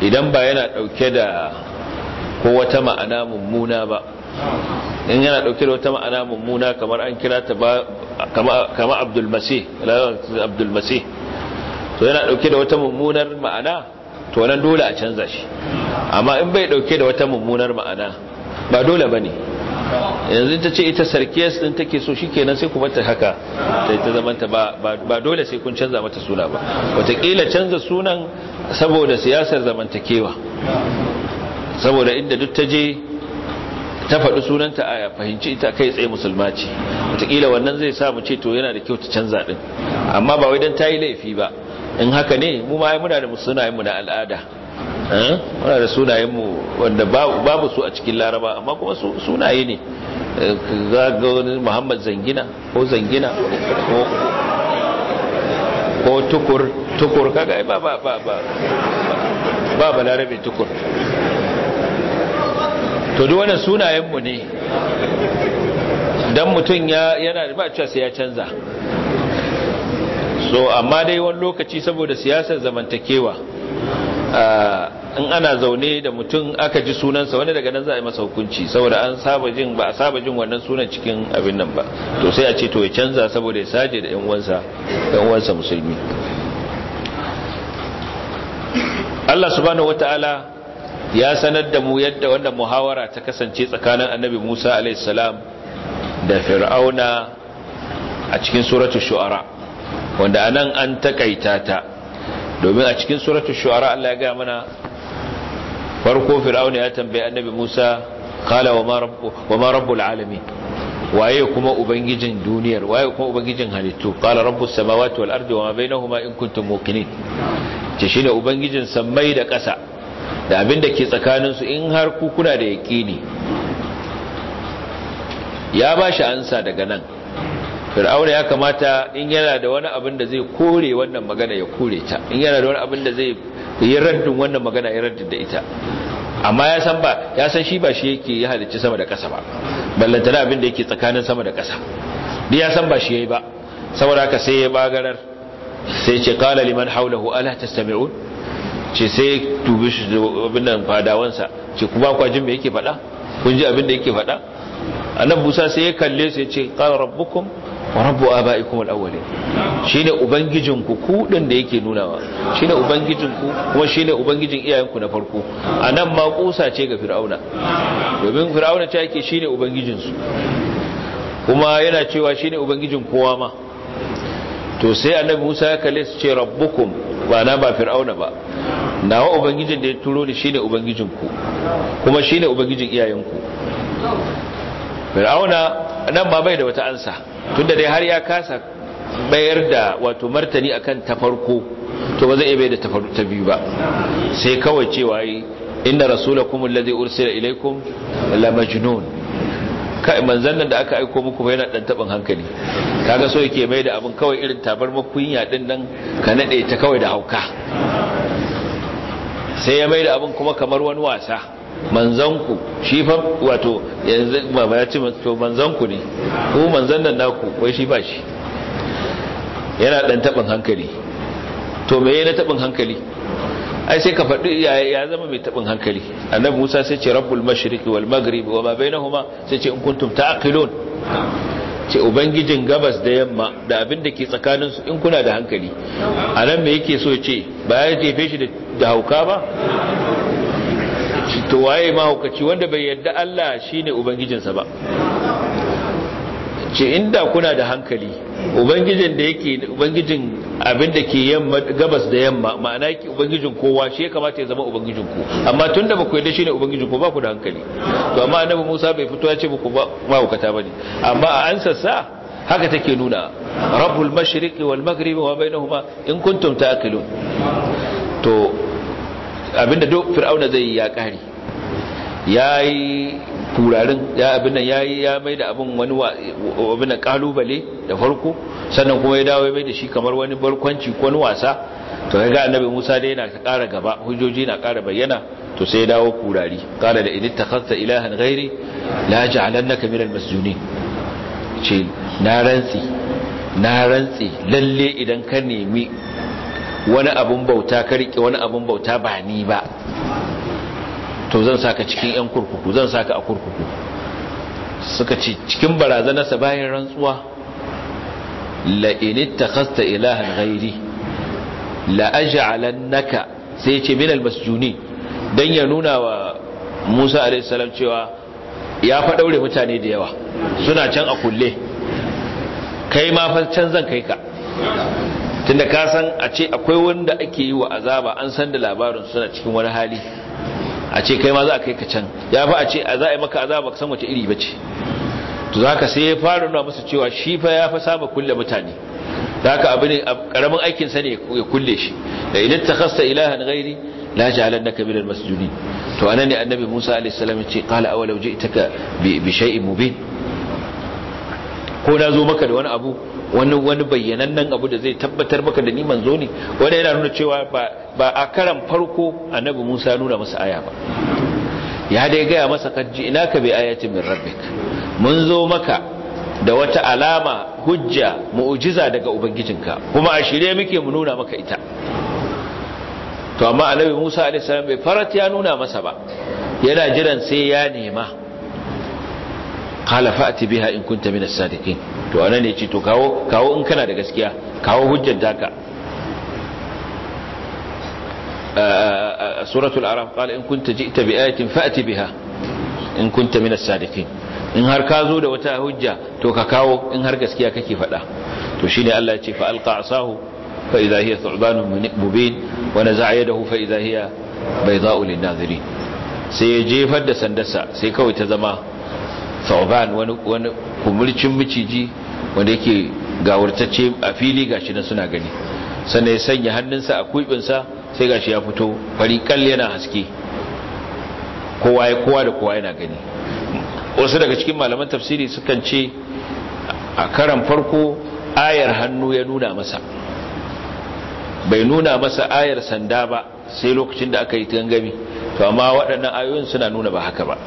idan ba yana ɗauke da ko wata ma'ana mummuna ba in yana dauke da wata ma'ana mummuna kamar an kira ta ba kama abdul masih abdul masih to yana dauke da wata mummunar ma'ana to nan dole a canza shi amma in bai dauke da wata mummunar ma'ana ba dole bane yanzu ta ce ita sarkiyas ɗin take so shi kenan sai kuma ta haka ta ita zamanta ba ba dole sai kun canza mata suna ba wataƙila canza sunan saboda siyasar zamantakewa saboda inda duk ta je ta faɗi sunanta a fahimci ita kai tsaye musulma ce wataƙila wannan zai sa mu ce to yana da kyau ta canza ɗin amma ba wai don ta yi laifi ba in haka ne mu ma muna da sunayenmu na al'ada eh? muna da sunayenmu wanda babu su a cikin laraba amma kuma sunaye ne eh, za wani muhammad zangina ko zangina ko tukur tukur kaga ba ba ba ba ba ba larabe tukur to duk wannan sunayenmu ne dan mutum yana da ba sai ya canza so amma dai wani lokaci saboda siyasar zamantakewa in ana zaune da mutum aka ji sunansa wani daga nan za a yi masa hukunci saboda an saba jin ba a saba jin wannan sunan cikin abin nan ba to sai a ce to ya canza saboda ya saje da yan uwansa uwansa musulmi Allah subhanahu wataala ya sanar da mu yadda wannan muhawara ta kasance tsakanin annabi Musa alaihissalam da fir'auna a cikin suratu shu'ara wanda anan an takaita ta domin a cikin suratu shu'ara Allah ya gaya mana farko fir'auna ya tambaye annabi Musa qala wa ma rabbul waye kuma ubangijin duniyar waye kuma ubangijin halittu qala rabbus samawati wal ardi wa ma bainahuma in kuntum muqinin ce shine ubangijin samai da ƙasa da abin da ke tsakaninsu in har kuna da yaƙini ya ba shi ansa daga nan fir'auna ya kamata in yana da wani abin da zai kore wannan magana ya kore ta in yana da wani abin da zai yi raddin wannan magana ya raddin da ita amma ya san ba ya san shi ba shi yake ya halicci sama da ƙasa ba ballantana abin da yake tsakanin sama da ƙasa duk ya san ba shi yayi ba saboda haka sai ya bagarar sai ce qala liman hawlahu ala tastami'un ce sai tubi shi abin nan fadawansa ce kuma kwajin mai yake faɗa kun ji abin da yake faɗa annabi Musa sai ya kalle su ce qala rabbukum wa rabbu abaikum al Shi shine ubangijin ku ku din da yake nunawa shine ubangijin ku kuma shine ubangijin iyayen ku na farko anan ma kusa ce ga fir'auna domin fir'auna ta yake shine ubangijin su kuma yana cewa shine ubangijin kowa ma to sai annabi Musa ya kalle su ce rabbukum ba na ba fir'auna ba nawa ubangijin da ya turo ni shine ubangijin ku kuma shine ubangijin iyayen ku fir'auna nan ba bai da wata ansa tunda dai har ya kasa bayar da wato martani akan ta farko to ba zai iya bai da ta biyu ba sai kawai cewa inna rasulakum alladhi ursila ilaykum la majnun kai manzan nan da aka aiko muku yana dan taban hankali kaga so yake mai da abin kawai irin tabar makunya din nan ka nade ta kawai da hauka sai ya mai da abin kuma kamar wani wasa ku shi fa wato yanzu baba ya ce to ku ne ko manzan nan naku wai shi ba shi yana dan taban hankali to me na taban hankali ai sai ka faɗi ya zama mai taɓin hankali annabi musa sai ce rabbul mashriqi wal maghribi wa ma bainahuma sai ce in kuntum ta'qilun ce ubangijin gabas da yamma da abin da ke tsakanin su in kuna da hankali anan me yake so ce ba ya jefe shi da hauka ba to waye mahaukaci wanda bai yarda Allah shine ubangijinsa ba ce inda kuna da hankali ubangijin da yake ubangijin abin da ke yamma gabas da yamma ma'ana yake ubangijin kowa shi ya kamata ya zama ubangijin ku amma tunda ba ku yadda shine ubangijin ku ba ku da hankali to amma annabi Musa bai fito ya ce muku ba kata bane amma a sa haka take nuna rabbul mashriqi wal maghribi wa bainahuma in kuntum ta'qilun to abinda duk fir'auna zai yi ya kare yayi turarin ya abin nan yayi ya mai da abin wani abin nan kalubale da farko sannan kuma ya dawo ya mai da shi kamar wani barkwanci ko wani wasa to ya ga annabi Musa dai yana ƙara gaba hujjoji na ƙara bayyana to sai ya dawo kurari qala da in takhadta ilahan ghairi la ja'alannaka minal masjunin ce na rantsi na rantsi lalle idan ka nemi wani abun bauta ka rike wani abun bauta ba ni ba to zan saka cikin yan kurkuku zan saka a kurkuku suka ce cikin barazanarsa bayan rantsuwa la'init ta kasta ilahan gairi naka sai ce min masjuni don ya nuna wa musa alaihissalam cewa ya faɗaure mutane da yawa suna can a kulle kai ma fa can zan kai ka tunda ka san a ce akwai wanda ake yi wa azaba an san da labarin suna cikin wani hali a ce kai ma za a kai ka can ya fi a ce a za a yi maka azaba ka san wace iri ba ce to za ka sai ya fara nuna musu cewa shi fa ya fa saba kulle mutane da haka abu ne karamin aikin sa ne ya kulle shi da idan ta khasta ilahan ghairi la na kabilar masjudin to anan ne annabi Musa alaihi salam ya ce qala awalau ka bi shay'in mubin ko na zo maka da wani abu wani wani bayyanannen abu da zai tabbatar maka da ni manzo ne wanda yana nuna cewa ba a karan farko annabi Musa nuna masa aya ba ya dai gaya masa kaji ina ka bi ayatin min rabbik mun zo maka da wata alama hujja mu'jiza daga ubangijinka kuma a shirye muke mu nuna maka ita to amma annabi Musa alaihi salam bai farat ya nuna masa ba yana jiran sai ya nema qala fa'ti biha in kunta min as-sadiqin to anan ne ce to kawo kawo in kana da gaskiya kawo hujjar taka al araf qala in kunta ji'ta bi ayatin fa'ti biha in kunta min as-sadiqin in har ka zo da wata hujja to ka kawo in har gaskiya kake faɗa to shine Allah ya ce fa alqa asahu fa idha hiya thu'banun mubin wa naza'a yadahu fa idha hiya baydha'u lin-nazirin sai ya jefar da sandarsa sai kawai ta zama sauban wani wani kumurcin miciji wanda yake gawurtacce a fili gashi shi suna gani sannan ya sanya hannunsa a kuɓinsa sai ga shi ya fito bari kal yana haske kowa ya kowa da kowa yana gani wasu daga cikin malaman tafsiri sukan ce a karan farko ayar hannu ya nuna masa bai nuna masa ayar sanda ba sai lokacin da aka yi gangami to amma waɗannan ayoyin suna nuna ba haka ba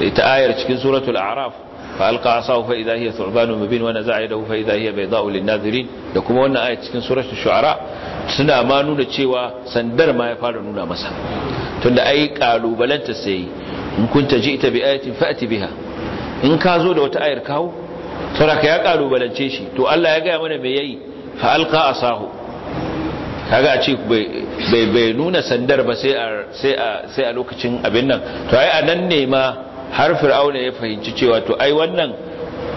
da ita ayar cikin suratul a'raf fa alqa asahu fa idha hiya thu'banun mubin wa naza'a yadahu fa idha hiya bayda'u lin-nazirin da kuma wannan ayar cikin suratul shu'ara suna ma nuna cewa sandar ma ya fara nuna masa tunda ai kalubalanta sai in kunta ji'ta bi ayatin fa'ti biha in ka zo da wata ayar kawo saboda ya kalubalance shi to Allah ya ga mana me yayi fa alqa asahu kaga a ce bai nuna sandar ba sai a lokacin abin nan to ai a nan ne ma har fir'auna ya fahimci cewa to ai wannan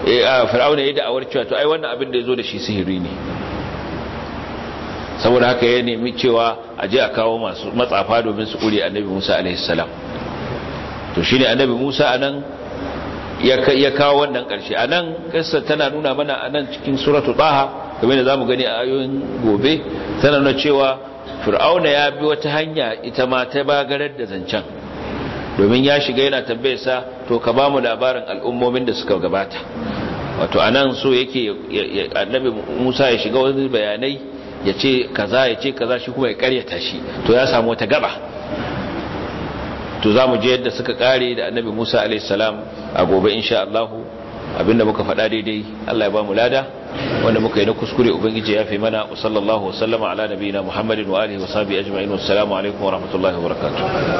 eh, fir'auna ya da'awar cewa to ai wannan abin da ya zo da shi sihiri ne saboda haka ya nemi cewa a je a kawo masu matsafa domin su kure annabi musa alaihissalam to shine annabi musa anan ya kawo wannan ƙarshe anan kissa tana nuna mana a nan cikin suratu taha kamar da zamu gani a ayoyin gobe tana nuna cewa fir'auna ya bi wata hanya ita ma ta bagarar da zancen domin ya shiga yana sa to ka ba mu labarin al'ummomin da suka gabata wato anan so yake annabi Musa ya shiga wani bayanai ya ce kaza ya ce kaza shi kuma ya karyata shi to ya samu wata gaba to za mu je yadda suka kare da annabi Musa alaihi salam a gobe insha Allah abinda muka faɗa daidai Allah ya ba mu lada wanda muka yi na kuskure ubangiji ya fi mana wa sallallahu wa sallama ala nabiyina muhammadin wa alihi wa sahbihi ajma'in wa assalamu alaikum wa rahmatullahi wa barakatuh